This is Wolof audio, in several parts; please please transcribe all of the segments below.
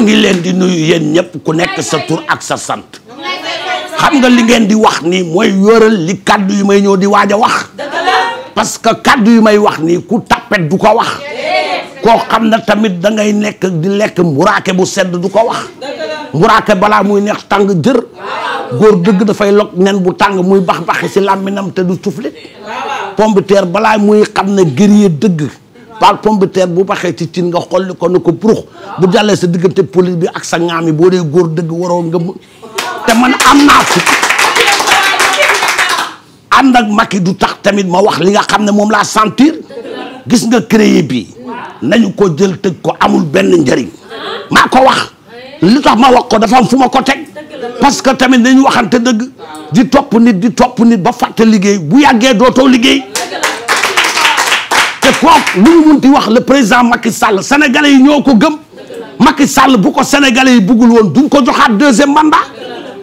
maa ngi leen di nuyu yéen ñëpp ku nekk sa tur ak sa sant xam nga li ngeen di wax nii mooy yóoral li kàddu yu may ñëw di waaj a wax parce que kàddu yu may wax nii ku tappet du ko wax koo xam na tamit da ngay nekk di lekk mburaake bu sedd du ko wax mburaake balaa muy neex tàng jër góor dëgg dafay log nen bu tàng muy bax baxi si làmminam te du tuflit pomme de balaa muy xam na gërëyee dëgg par pomme de terre bu baxee ci cin nga xolli ko na ko burux bu jàllee sa diggante police bi ak sa ŋaam boo dee góor dëgg waroo nga te man am naa fi ànd ak Macky du tax tamit ma wax li nga xam ne moom laa sentir gis nga créé bi nañu ko jël tëj ko amul benn njëriñ maa ko wax lu tax ma wax ko dafa am fu ma ko teg parce que tamit nañu waxante dëgg di topp nit di topp nit ba fàtte liggéey bu yàggee dootoo liggéey te kooku lu mu munti wax le président Macky Sall sénégalais yi ñoo ko gëm Macky Sall bu ko sénégalais yi bëggul woon duñ ko joxaat deuxième mandat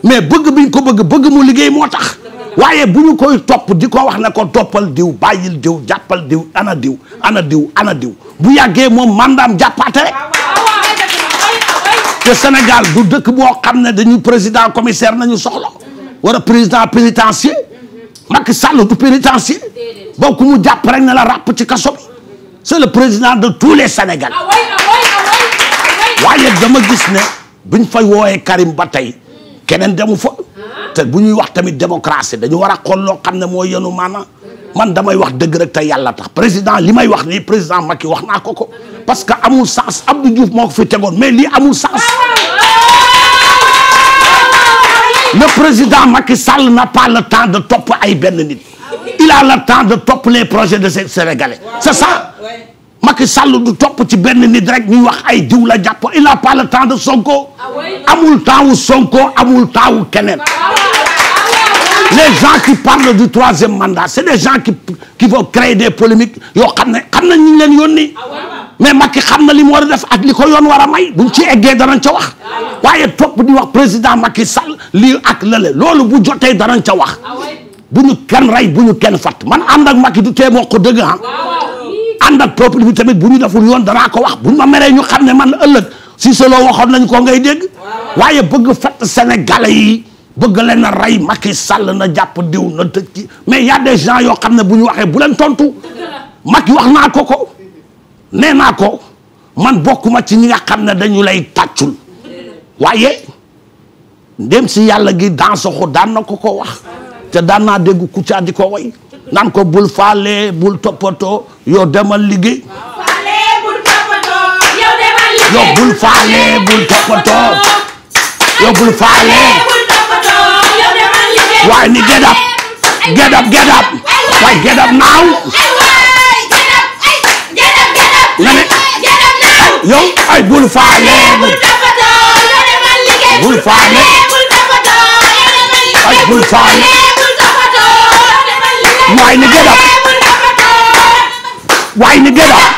mais bëgg biñ ko bëgg bëgg mu liggéey moo tax waaye bu ñu koy topp di ko wax na ko toppal diw bàyyil diw jàppal diw ana diw ana diw ana diw bu yàggee moom mandaam jàppaate rek te Sénégal du dëkk boo xam ne dañu président commissaire nañu soxla wala président pénitencier Macky Sall du pénitencier ba ku mu jàpp rek ne la ràpp ci kaso le président de tous les Sénégalais ah ah ah waaye dama gis ne buñ fay wooyee Karim ba tey keneen demu fa te bu ñuy wax tamit démocratie dañu war a xool loo xam ne mooy yenu maana man damay wax dëgg rek yàlla tax président li may wax nii président Macky wax naa ko ko parce que amul sens Abdou Diouf moo ko fi tegoon mais lii amul sens le président maki Sall n'a pas le temps de topp ay benn nit il a le temps de topp les projets de ces Sénégalais c'est ça Macky Sall du topp ci benn nit rek ñuy wax ay diw la jàpp il n'a pas le temps de Sonko ah amul temps wu Sonko amul temps wu keneen ah ah les gens qui parlent du troisième mandat c'est des gens qui qui vont créer des polémiques yoo xam ne xam na ñu ngi leen yónni mais Macky xam na li mu war a def ak li ko yoon war a may buñ ci eggee danañ ca wax waaye topp di wax président Macky Sall lii ak lële loolu bu jotee danañ ca wax bu ñu kenn rey bu ñu kenn fat man ànd ak Macky du tee wax dëgg ah. ànd ak peuple bi tamit bu ñu deful yoon danaa ko wax bu ñu ma meree ñu xam ne man ëllëg si solo waxoon nañ ko ngay dégg. waaye bëgg fat Sénégalais yi bëgg leen a rey Macky Sall na jàpp diw na tëj ci mais y a des gens yoo xam ne bu ñu waxee bu leen tontu Macky wax naa ko ko nee naa ko man bokkuma ci ñi nga xam ne dañu lay tàccul waaye ndem si yàlla gi dans sa xol daan na ko ko wax. te daan naa dégg Kouthia di ko woy naan ko bul faale bul toppatoo yow demal liggéey. yow bul faale bul toppatoo yow bul faale waaye ni get up get up get up waaye get up now nga ne yow ay bul faale bul faale ay bul faale Why in the get up? Why in the get up?